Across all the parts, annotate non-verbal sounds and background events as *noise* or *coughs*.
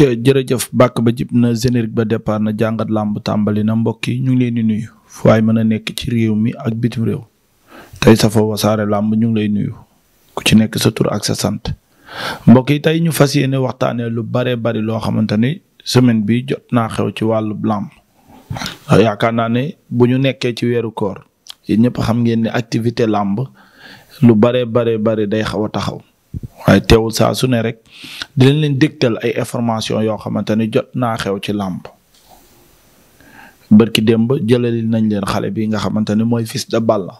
acca jërëjëf bàkk ba jib na générique ba départ na jàngat làmb tàmbali na mbokk yi ñu ngi leen di nuyu fu waay mën a nekk ci réew mi ak bitim réew tey safoo wasaare làmb ñu ngi lay nuyu ku ci nekk sa tur ak sa sant mbokk yi tey ñu fas yéene waxtaanee lu bare bari loo xamante ni semaine bi jot naa xew ci wàllu làmb yaakaar naa ne bu ñu nekkee ci weeru koor yéen ñëpp xam ngeen ne activité làmb lu bare bare bare day xaw a taxaw waaye teewul saa su ne rek dinañ leen dégtal ay information yoo xamante ne jot naa xew ci làmp bërki démb jëlali nañ leen xale bi nga xamante ne mooy Fils de Balla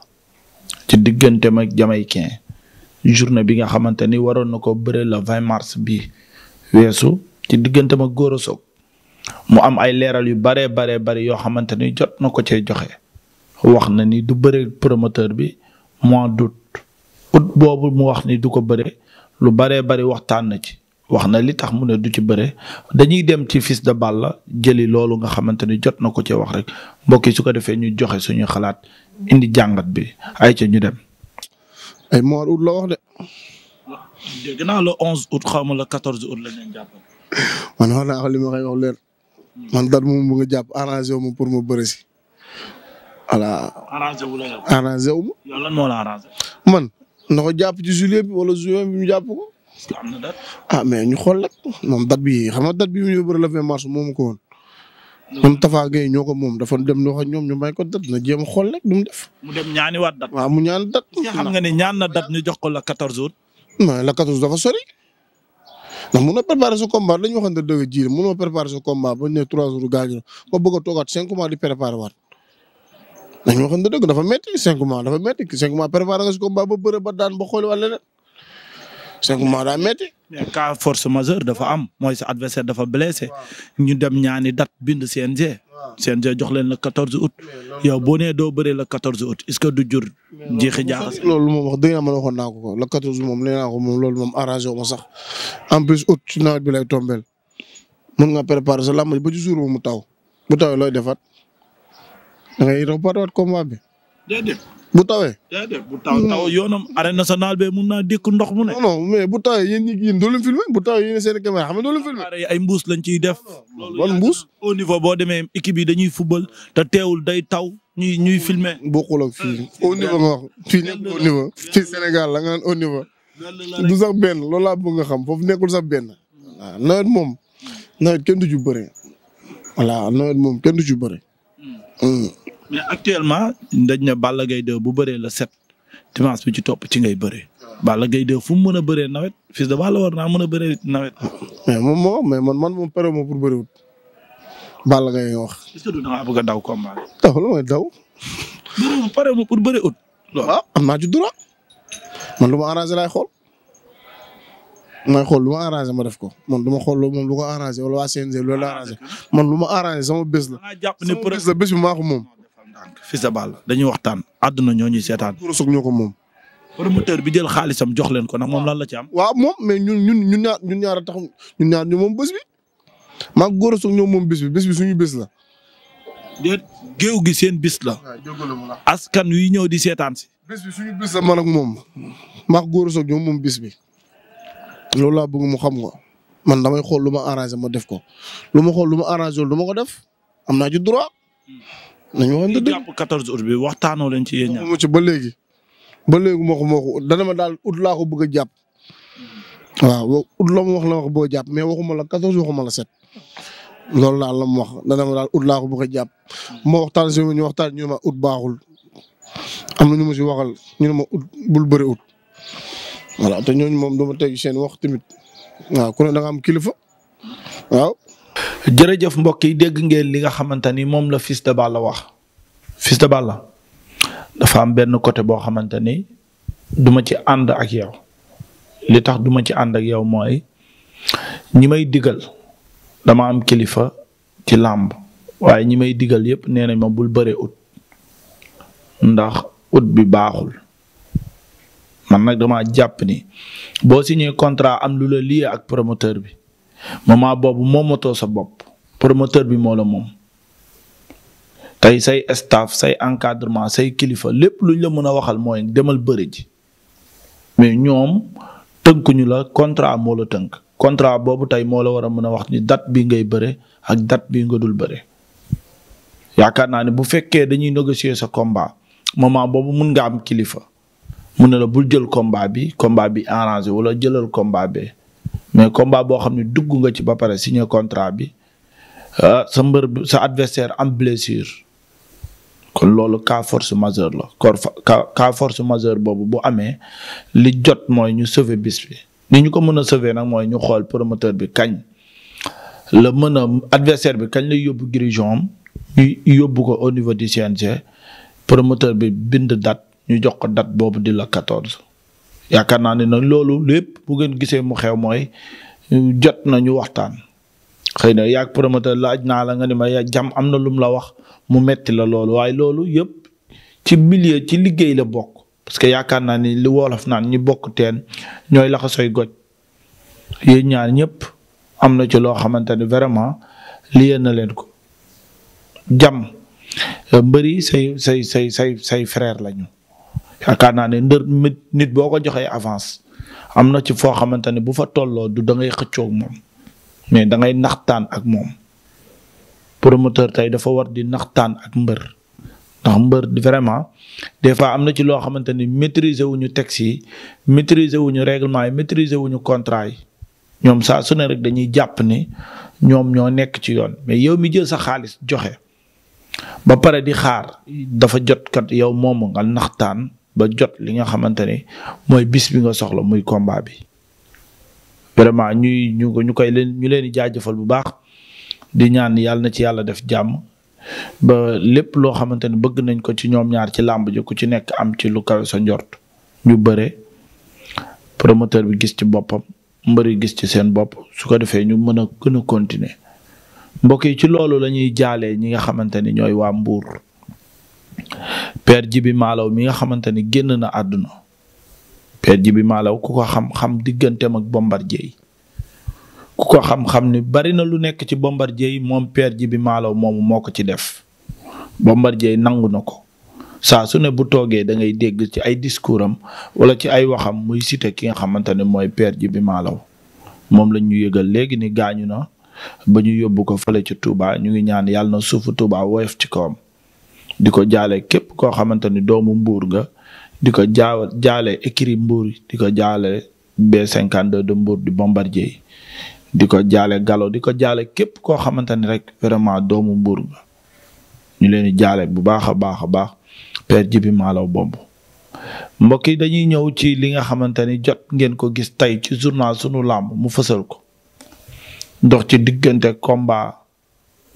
ci digganteem ak Jamaïcain journée bi nga xamante ni waroon na ko bëre le 20 mars bi weesu ci diggante ma Gora mu am ay leeral yu baree baree bari yoo xamante ni jot na ko cee joxe wax na ni du bëre promoteur bi mois d'août août boobu mu wax ni du ko bëre lu baree bari waxtaan na ci wax na li tax mu ne du ci bare dañuy dem ci fils de la jëli loolu nga xamante ni jot na ko ci wax rek mbokk yi su ko defee ñu joxe suñu xalaat indi jàngat bi ay ca ñu dem. ay mois août la wax de. onze août xaw ma le quatorze août la jàpp. man wax naa li ma koy wax leer man dara mu nga jàpp arrangé wu ma pour ma bëre si voilà. arrangé wu la wu la arrangé. man. na ko jàpp ci juillet bi wala juin bi ñu jàpp ko. ah mais ñu xool rek moom date bi xam nga date bi mu yóbbu la ko woon. ñoom Tafa Gueye ñoo ko moom dafa dem wax ak ñoom ñu may ko dat na jéem a xool rek def. mu dem ñaaniwaat dat. waaw mu ñaan dat. xam nga ne ñaan na dat ñu jox ko la quatorze août. non la quatorze dafa sori. ndax mun na préparer sa combat dañu waxante ba ne trois jours gaañu ko bëgg a toogaat cinq mois di préparer waat. nañ waxoon dëgg dafa métti cinq mois dafa métti cinq mois préparé nga si combat ba bëre ba daan ba xool wala leneen cinq mois daa métti. mais cas force dafa am mooy sa adversaire dafa blessé ñu dem ñaani date bind CNG. CNG jox leen le quatorze août. yow boo nee doo bëree le quatorze août est-ce que du jur. jeexi jaaxase loolu moom wax dëgg yàlla waxoon naa ko ko le quatorze moom nee naa ko moom loolu moom arrangé wu ma sax en plus août ci nawet bi lay tombeel mën nga préparer sa lamb ba ci jour mu taw bu tawee looy defaat. da ngay reporter combat bi. déedéet. bu tawee. déedéet bu taw taw yoonam. arène nationale be mun naa dékk ndox mu ne. mais bu tawee yéen ñi yéen doo leen filmé bu tawee yéen seen caméra xam nga doo ciy def. loolu mbuus. au niveau boo demee équipe yi dañuy football te teewul day taw ñuy ñuy filmé. bokkul ak fii euh, au niveau nga wax fii nekk au naan au niveau. du sax benn loolu laa bëgg xam foofu nekkul sax benn. waaw nawet moom nawet kenn du ci bëre. voilà nawet moom kenn du ci bëre. Hmm. Hmm. mais actuellement dañ ne Balla Gaye 2 bu bëree la set dimanche bi ci topp ci ngay bëree. Balla Gaye 2 fu mu mën a bëree nawet Fils de Balla wor naa mën a bëree nawet. mais moom moo man man moom pare moo pour bëriwut Balla Gaye nga wax. est a daw combat. taw lu may daw. bëriwul pare moo pour bëriwut. waaw ah, am naa ci droit man lu ma arrangé laay xool may xool lu ma arrangé def ko man du ma xool moom lu ko arrangé wala waa CNG loolu la ah, man lu ma arrangé sama bés la. sama tànk Fils de Balla waxtaan àdduna ñoo ñuy seetaan. Gora Sock ñoo ko moom. promoteur bi jël xaalisam jox leen ko nag moom lan la ci am. waaw moom mais ñun ñun ñun ñaar ñun ñaar a tax ñun ñaar moom bés maa ngi Gora Sock ñoo moom bés bi bi suñu bés la. déet géew gi seen bis la. askan wi ñëw di seetaan si. bis bi suñu bis la man moom. maa ngi Gora Sock moom bis loolu laa bëgg mu xam nga man damay xool lu ma arrangé ma def ko lu ma xool lu ma arrangé lu ma ko def am naa ci nañu waxante dëgg jàpp 14 bi waxtaanoo leen ci yéen ñaar. ci ba léegi ba léegi ko moo ko ma daal août laa ko bëgg a jàpp. waaw wax la wax jàpp mais waxuma la 14 waxuma la 7. loolu daal la mu wax dana ma daal août laa bëgg jàpp. moo waxtaan si ñu waxtaan ñu ma août baaxul. am na ñu ma si waxal ñu ne ma août bul bëri août. voilà te ñooñu moom dama teg seen wax tamit waaw ku ne da am kilifa waaw. jërëjëf mbokk yi dégg ngeen li nga xamante ni moom la Fils de Balla wax Fils de dafa am benn côté boo xamante ni duma ci ànd ak yow li tax duma ci ànd ak yow mooy ñi may digal dama am kilifa ci làmb waaye ñi may digal yépp nee nañ ma bul bëre ut ndax ut bi baaxul man nag dama jàpp ni boo si signé contrat am lu la lié ak promoteur bi moment boobu moto sa bopp promoteur bi moo la moom tey say staff say encadrement say kilifa lépp lu luñ la mën a waxal mooy demal bëri ji mais ñoom tënkuñu la contrat moo la tënk contrat boobu tey moo la war a mën a wax ni date bi ngay bëre ak date bi nga dul bëre yaakaar naa ne bu fekkee dañuy négocier sa combat moment boobu mun nga am kilifa mun na la bul jël combat bi combat bi arrangé wala jëlal combat bee mais combat boo xam ne dugg nga ci ba pare signé contrat bi ah sa mbër sa adversaire am blessure kon loolu cas force majeure la kor cas force majeure boobu bu amee li jot mooy ñu sauver bis bi ni ñu ko mën a sauver nag mooy ñu xool promoteur bi kañ la mën a adversaire bi kañ la yóbbu dirigeant am ñu yóbbu ko au niveau du CNG promoteur bi bind date ñu jox ko date boobu di la 14. yaakaar naa ne nag loolu lépp bu ngeen gisee mu xew mooy euh, jot nañu waxtaan xëy na yaag promoteur laaj naa la nga ni ma jam am na lum la wax mu metti la loolu waaye loolu yëpp ci milieu ci liggéey la bokk parce que yaakaar naa ni li wolof naan ñi bokk teen ñooy laxasooy goj yéen ñaar ñëpp am na ci loo xamante ne vraiment liyee na leen ko jam mbëri say say say say say frère lañu yaakaar naa ne ndër nit boo ko joxee avance am na ci foo xamante ne bu fa tolloo du da ngay xëccoog moom mais da ngay naxtaan ak moom promoteur tey dafa war di naxtaan ak mbër ndax mbër vraiment des fois am na ci loo xamante ni maîtriser wu ñu texte yi maîtriser wu ñu règlement yi maîtriser wu ñu contrat yi ñoom saa su ne rek dañuy jàpp ni ñoom ñoo nekk ci yoon mais yow mi jël sa xaalis joxe ba pare di xaar dafa jotkat kat yow moomu nga naxtaan ba jot li nga xamante ni mooy bis bi nga soxla muy combat bi. vraiment ñuy ñu ñu koy leen ñu leen di jaajëfal bu baax di ñaan yàlla na ci yàlla def jàmm ba lépp loo xamante ni bëgg nañ ko ci ñoom ñaar ci làmb ji ku ci nekk am ci lu sa njort ñu bëre promoteur bi gis ci boppam mbër yi gis ci seen bopp su ko defee ñu mën a gën a continuer mbokk yi ci loolu lañuy jaalee ñi nga xamante ni ñooy waa Mbour. Père Jibi Maalaw mi nga xamante ni génn na àdduna Père Jibi Maalaw ku ko xam-xam digganteem ak Bombardier ku ko xam-xam ni bari na lu nekk ci Bombardier moom Père Jibi Maalaw moomu moo ko ci def Bombardier nangu na ko saa su ne bu toogee da ngay dégg ci ay discours wala ci ay waxam muy cité ki nga xamante ne mooy Père Jibi Maalaw moom lañ ñu yëgal léegi ni gaañu na ba ñu yóbbu ko fale ci Touba ñu ngi ñaan yàlla na suufu Touba woyof ci kawam. di ko jaale képp koo xamante ni doomu mbuur nga di ko jaaw jaale écurie mbuur di ko jaale B52 de mbuur di bombardier di ko jaale Gallo di ko jaale képp koo xamante ni rek vraiment doomu mbuur nga ñu leen jaale bu baax a baax a baax père Jibi Malaw bomb mbokk yi dañuy ñëw ci li nga xamante ni jot ngeen ko gis tey ci journal sunu làmb mu fësal ko ndox ci diggante combat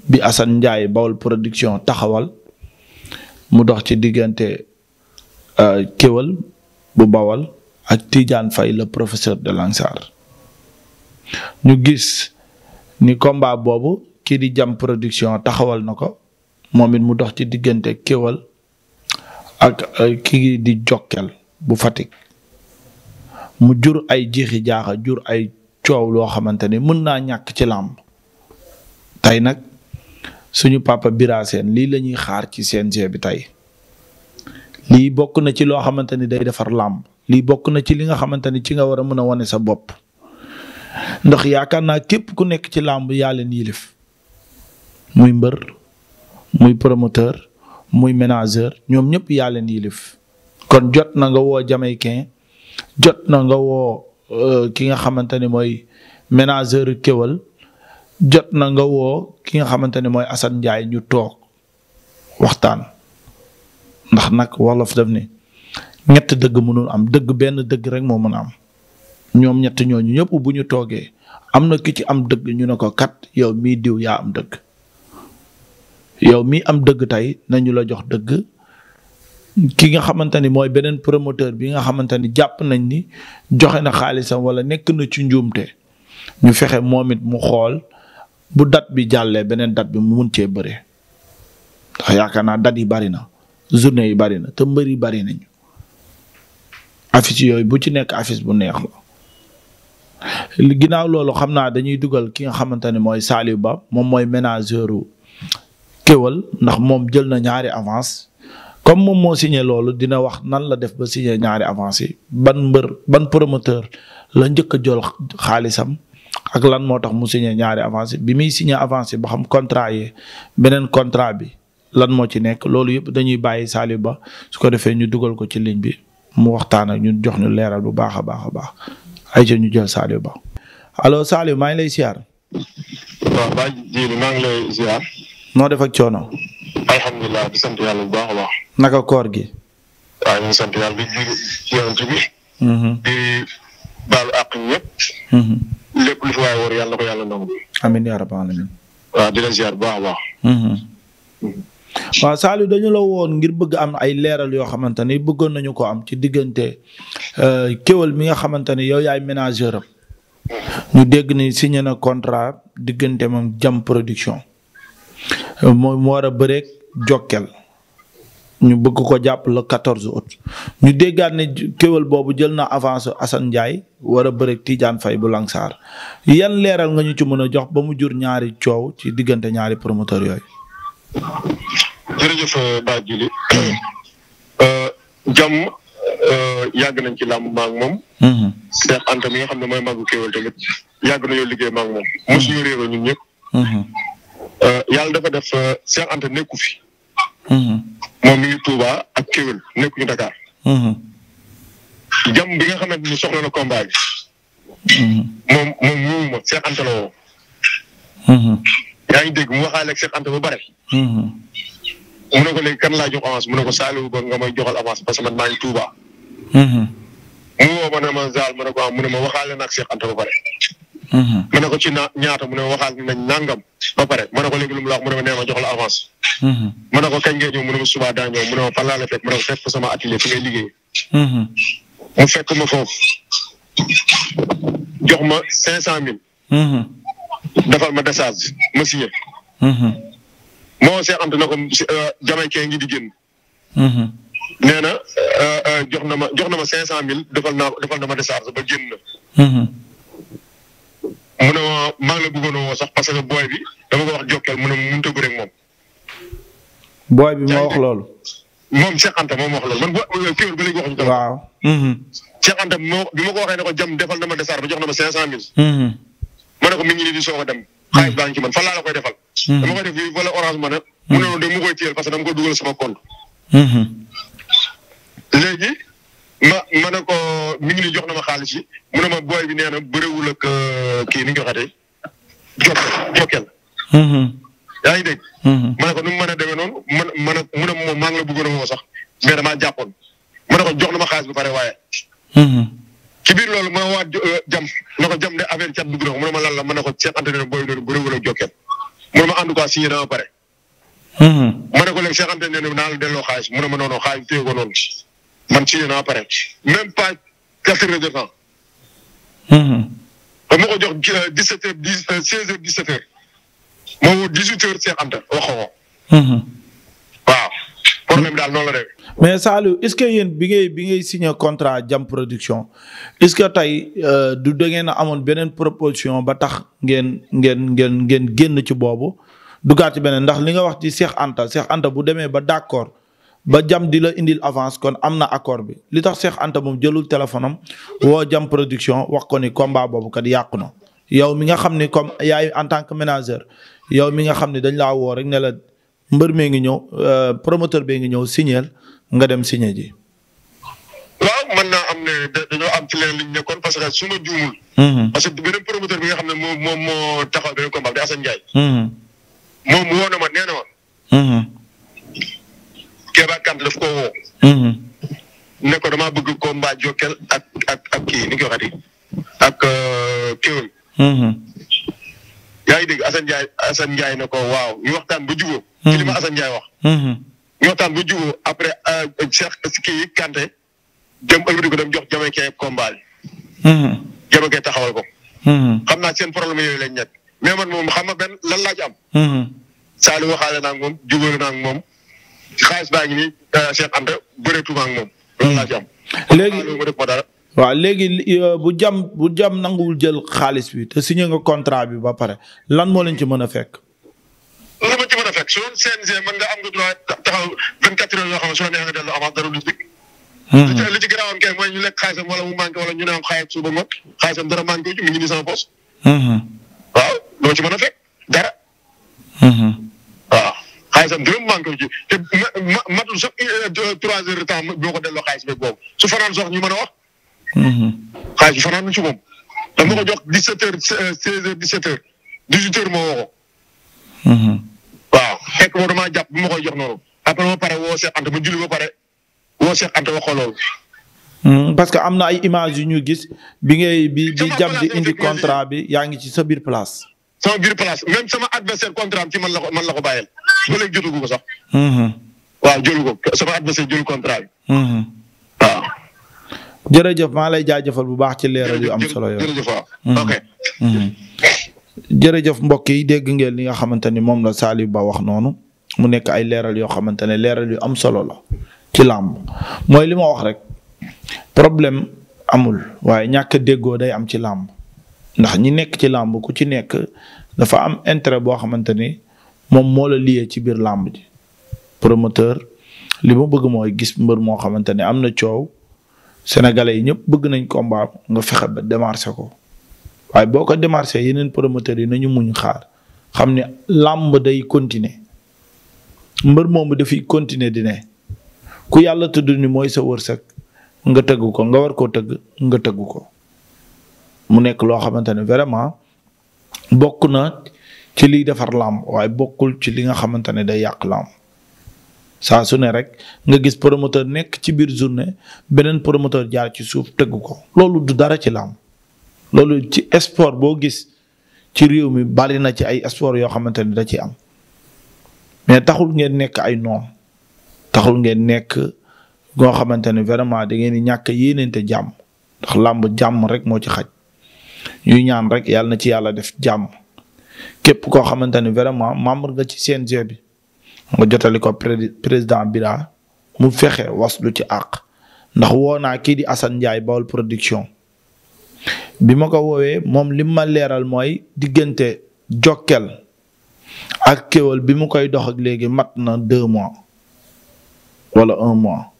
bi Assane Ndiaye Bawol production taxawal mu dox ci diggante euh, kéwal bu bawal ak Tidiane Faye le professeur de Lansar ñu gis ni combat boobu kii di jam production taxawal na ko moom it mu dox ci diggante kéwal ak euh, kii di jokkel bu Fatick mu jur ay jiixi jaaxa jur ay coow loo xamante ni mën naa ñàkk ci làmb tey nag suñu papa Bira Sène lii la ñuy xaar ci seen CNG bi tey lii bokk na ci loo xamante ni day defar làmb lii bokk na ci li nga xamante ni ci nga war a mën a wane sa bopp ndox yaakaar naa képp ku nekk ci làmb yaa leen yilif muy mbër muy promoteur muy ménageur ñoom ñëpp yaa leen yilif kon jot na nga woo jamaïcain jot na nga woo euh, ki nga xamante ni mooy ménageur kéwal jot na nga woo ki nga xamante ne mooy Assane njaay ñu toog waxtaan ndax nag wolof daf ni ñett dëgg mënul am dëgg benn dëgg rek moo mën a am ñoom ñett ñooñu ñëpp bu ñu toogee am na ki ci am dëgg ñu ne ko kat yow mii diw yaa am dëgg yow mii am dëgg tey nañu la jox dëgg ki nga xamante ni mooy beneen promoteur bi nga xamante ni jàpp nañ ni joxe na xaalisam wala nekk na ci njuumte ñu fexe moomit mu xool bu dat bi jàllee beneen dat bi mu mun cee bëre ndax yaakaar naa dat yi bari na journée yi bari na te mbër yi bari nañu affiche yooyu bu ci nekk affiche bu neex la ginnaaw loolu xam naa dañuy dugal ki nga xamante ne mooy Saliou Ba moom mooy ménageru kéwal ndax moom jël na ñaari avance comme moom moo signé loolu dina wax nan la def ba signé ñaari avance yi ban mbër ban promoteur la njëkk a jël xaalisam ak lan moo tax mu signé ñaari avancé bi muy signé avancé ba xam contrat yi beneen contrat bi lan moo ci nekk loolu yëpp dañuy bàyyi Saliou Ba su ko defee ñu dugal ko ci ligne bi mu waxtaan ak ñun jox ñu leeral bu baax a baax a baax ay ñu jël Saliou Ba. allo Saliou maa ngi lay siyaar. waaw Baye ngi lay siyaar. noo def ak coono. alhamdulilah di yàlla bu baax a baax. naka koor gi. waaw ñu ngi sant yàlla di bi. Mm-hmm. di baalu àq ñëpp. Mm-hmm. lépp lu fi waay wóor yàlla na ko yàlla nangu. amiin yaa rabbal bu baax a baax. Mhm. Mhm. waaw Saliou dañu la woon ngir bëgg am ay leeral yoo xamante ni bëggoon nañu ko am ci diggante euh, kéwél mi nga xamante ni yow yaay ménageur am. Mhm. ñu dégg ni signé contrat diggante moom jam production. moom mu war a ñu bëgg ko jàpp la quatorze août ñu déggaat ne kéwél boobu jël na avance Assane Ndiaye war a bëre Tidiane Faye bu Langsar yan leeral nga ñu ci mën a jox ba mu jur ñaari coow ci diggante ñaari promoteur yooyu. jërëjëf euh, Ba Jili *coughs* euh, jàmm euh, yàgg nañ ci làmb maa ngi moom. Mm-hmm. Seex Anta mi xam ne mooy màggu kéwél tamit yàgg nañoo liggéey maa ngi moom mm-hmm. yàlla dafa def Seex Anta nekku fi. Mm-hmm. moom mi ngi Touba ak Kewel nekkuñu Dakar. jam mm-hmm. bi nga xamante ni soxla na combat mm-hmm. moom moom moomu ma Cheikh Anta la woo. Mm-hmm. ngi dégg mu waxaale ak Cheikh Anta ba bare. mu ne ko léegi kan laa avance mu ne ko Saliou ba nga may joxal avance parce que man maa ngi Touba. mu woo ma ne ah, mu ne ma ak Cheikh Anta ba bare. ma mm-hmm. ne ko ci na ñaata mu a waxaat nañ nangam ba pare ma ne ko léegi lu mu la wax mu ne ma nee jox la avance. ma mm-hmm. ne ko kañ ngay ñëw mu ne ma subaa daa ñëw mu ne ma fan laa la fekk ma atelier fi ngay liggéey. Mm-hmm. mu fekk ma foofu jox ma cinq cent mille. defal ma décharge ma signé. moo seexante na ko euh, jamaïcain ngi di génn. nee na euh, euh, jox na ma jox na ma cinq cent mille defal naa na ma décharge ba génn na. mu ne ma maa ngi la bëggoon a woo sax parce que booy bi dama ko wax jokkeel mu ne ma mënut a bëre ak moom. booy bi moo wax loolu. moom Cheikh Anta moom wax loolu man bu kii ba léegi waxuñu ko. waaw. Mm-hmm. Cheikh ko waxee ne ko jam defal na ma desaar ba jox a ma cinq cent mille. Mm-hmm. ma ne ko mi ngi nii di soog a dem. Mm-hmm. xaalis baa ngi ci man fan laa la koy defal. dama koy def fii wala orange ma ne. mu ne ma dama koy téyel parce que dama ko dugal sama compte. léegi. ma ma ne ko mi ngi jox na ma xaalis yi mu ne ma booy bi nee na bëriwul ak euh, kii ni nga waxatee Jokal mm-hmm. yaa ngi dégg. Mm-hmm. ma ne a demee noonu man man a mu ne moom maa sax mais ko jox na ma xaalis bu pare waaye. Mm-hmm. ci biir loolu ma ne euh, waa jam na ko jam de affaire cat dugg na ko ne ma lan la ma ne ko seen entraîneur booy bi noonu bëriwul ak Jokal ma en tout cas signé dama pare. ma ne ko léegi seen entraîneur bi delloo xaalis mu ne ma noonu xaalis téye ko man ci naa pare même pas quatre heures de temps. dama mm-hmm. jox dix euh, sept heures dix euh, seize heures dix sept heures moom dix huit Anta waxoo mm-hmm. waaw problème daal noonu la demee. mais Saliou est-ce que yéen bi ngay bi ngay signé contrat Jam Production est-ce que tey euh, du da ngeen a amoon beneen proposition ba tax ngeen ngeen ngeen ngeen génn ci boobu dugaat ci beneen ndax li nga wax ci Cheikh Anta Cheikh Anta bu demee ba d'accord. ba jam di la indil avance kon am na accord bi li tax Cheikh Anta moom jëlul téléphone am woo jam production wax ko ni combat boobu kat yàqu na. yow mi nga xam ni comme yaay en tant que manager yow mi nga xam ni dañ laa woo rek ne la mbër mee ngi ñëw euh, promoteur bee ngi ñëw signeel nga dem signé ji. waaw man naa am ne dañoo am ci leen liñ nekkoon parce que su ma juumul. Mm-hmm. parce que beneen promoteur bi nga xam ne moom moo taxaw beneen combat bi Assane Ndiaye. Mm-hmm. moom woo na ma mm-hmm. Thiam daf ko woo. Mm-hmm. ne ko damaa bëgg combat Jokal ak ak ak kii ni ñu koy waxati ak euh, Kéwel. Mm-hmm. ngi dégg Assane Ndiaye Assane Ndiaye waxtaan ba jubóo. ci li ma mm-hmm. Assane Ndiaye wax. ñu euh, ko dem jox Jamaïcain taxawal ko. xam naa seen problème yooyu lañ nekk mais man moom xam nga benn am. Saliou waxaale naa ak moom jubóo xaalis baa ngi nii euh, Cheikh Anta bëreetuma ak moom. loolu laa ci am. Hmm. léegi waaw léegi euh, bu jam bu jam nanguwul jël xaalis bi te signé nga contrat bi ba pare lan moo leen ci mën a fekk. lu a fekk su doon CNG mën am nga droit taxaw 24 heures yoo xam ne li hmm. ci li mooy ñu lekk xaalisam wala mu manqué wala ñu ne am xaalis suba mot xaalisam dara manqué ci mu ngi nii sama poche. Hmm. waaw lu ci mën a fekk dara. xaalisam dërëm manqué wu ci te matul sax euh, trois heures de temps boo ko delloo xaalis su fanaan sox ñu mën a wax. Mm-hmm. xaalis bi fanaan ci moom. dama ko jox dix sept heures euh, seize heures dix sept heures dix huit heures moo woo mm-hmm. waaw fekk moo damaa jàpp bu ma koy jox noonu après ma pare woo Cheikh Anta ma julli ba pare woo Cheikh Anta waxoo loolu. Mm-hmm. parce que am na image yu ñu gis bi ngay bi bi jàpp di indi contrat bi yaa ngi ci sa biir place. sama biir place même sama adversaire contrat ci man la ko man la ko bàyyeel ba léegi jotagu ko sax. Mm-hmm. waaw jëlu ko sama adversaire jëlu contrat bi. Mm-hmm. waaw. jërëjëf maa lay jaajëfal bu baax ci leeral yu am solo yow jërëjëf waaw mm-hmm. ok. jërëjëf mbokk yi dégg ngeen li nga xamante ni moom la Saliou Ba wax noonu mu nekk ay leeral yoo xamante ne leeral yu am solo la ci làmb mooy li ma wax rek problème amul waaye ñàkk déggoo day am ci làmb ndax ñi nekk ci làmb ku ci nekk dafa am intérêt boo xamante ni moom moo la liyee ci biir làmb ji promoteur li ma bëgg mooy gis mbër moo xamante ne am na coow sénégalais yi ñëpp bëgg nañ ko combat nga fexe ba démarché ko waaye boo ko demarché yeneen promoteurs yi nañu muñ xaar xam ne làmb day continuer mbër moomu dafay continuer di ku yàlla tudd ni mooy sa wërsëg nga tëgg ko nga war koo tëgg nga tëgg ko mu nekk loo xamante ne vraiment bokk na ci liy defar làmb waaye bokkul ci li nga xamante ne day yàq làmb saa su ne rek nga gis promoteur nekk ci biir journée beneen promoteur jaar ci suuf tëgg ko loolu du dara ci làmb loolu ci sport boo gis ci réew mi bari na ci ay sport yoo xamante ne da ci am mais taxul ngeen nekk ay noon taxul ngeen nekk goo xamante ne vraiment da ngeen di ñàkk yéeneente jàmm ndax làmb jàmm rek moo ci xaj ñuy ñaan rek yàlla na ci yàlla def jàmm képp koo xamante ni vraiment membre nga ci CNG bi nga jotali ko président Bira mu fexe waslu ci àq ndax woo naa kii di Assane Ndiaye Baol production bi ma ko woowee moom lim ma leeral mooy diggante Jokkel ak kéwal bi mu koy dox ak léegi mat na deux mois wala un mois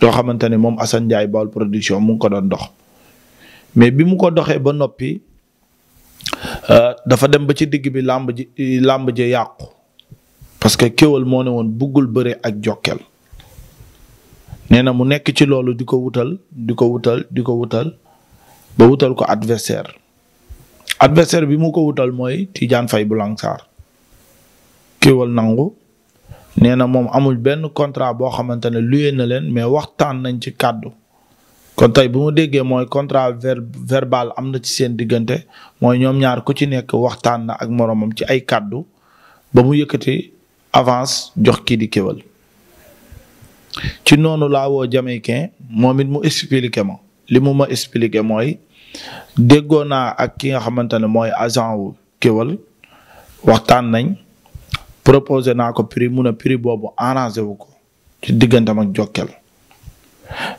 yoo xamante ne moom Assane Ndiaye Baol production mu ngi ko doon dox. mais bi mu ko doxee ba noppi euh, dafa dem ba ci digg bi làmb ji làmb ji yàqu parce que kéwal moo ne woon buggul bëre ak jokkel nee na mu nekk ci loolu di ko wutal di ko wutal di ko wutal ba wutal ko adversaire adversaire bi mu ko wutal mooy Tidiane fay bu Langsar kéwal nangu nee na moom amul benn contrat boo xamante ne luyee na leen mais waxtaan nañ ci kàddu kon tey bu mu déggee mooy contrat ver am na ci seen diggante mooy ñoom ñaar ku ci nekk waxtaan na ak moroomam ci ay kàddu ba mu yëkkati avance jox kii di kéwal ci noonu laa woo Jamaïcain moom it mu expliqué ma li mu ma expliqué mooy déggoo naa ak ki nga xamante ne mooy agent wu kéwal waxtaan nañ proposé naa ko prix mun a prix boobu arrangé wu ko ci diggante ak Jokal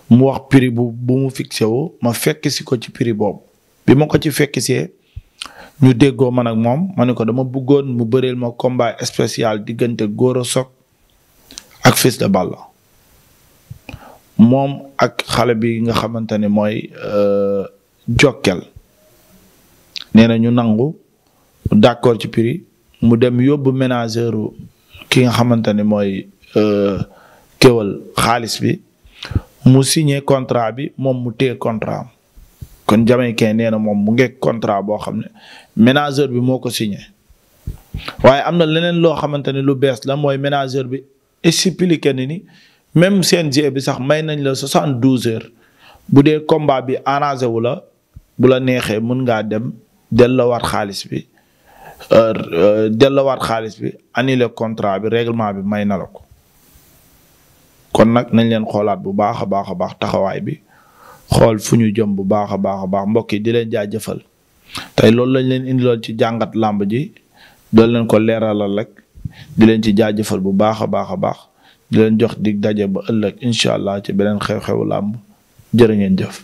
mu wax prix bu bu mu fixé wu ma fekk ko ci piri boobu bi ma ko ci fekk see ñu déggoo man ak moom ma ne ko dama bëggoon mu bëreel ma combat spécial diggante Gora Sock ak Fils de Balla moom ak xale bi nga xamante ne mooy euh, Jokkel nee na ñu nangu d'accord ci piri mu dem yóbbu ménageur ki nga xamante ne mooy euh, kéwal xaalis bi mu signé contrat bi moom mu téye contrat am kon jamaïcain nee na moom mu ngeeg contrat boo xam ne ménageur bi moo ko signé waaye am na leneen loo xamante ne lu bees la mooy ménageur bi expliqué na ni même CNG bi sax may nañ la soixante douze heures bu dee combat bi arrangé wu la bu la neexee mën ngaa dem delloowaat xaalis bi euh, euh, dellowaat xaalis bi annulé contrat bi réglement bi may na la ko. kon nag nañ leen xoolaat bu baax a baax a baax taxawaay bi xool fu ñu jëm bu baax a baax a baax mbokk yi di leen jaajëfal tey loolu lañ leen indiloon ci jàngat làmb ji doon leen ko leeralal rek di leen ci jaajëfal bu baax a baax a baax di leen jox dig daje ba ëllëg incha allah ci beneen xew-xewu làmb jërë ngeen jëf.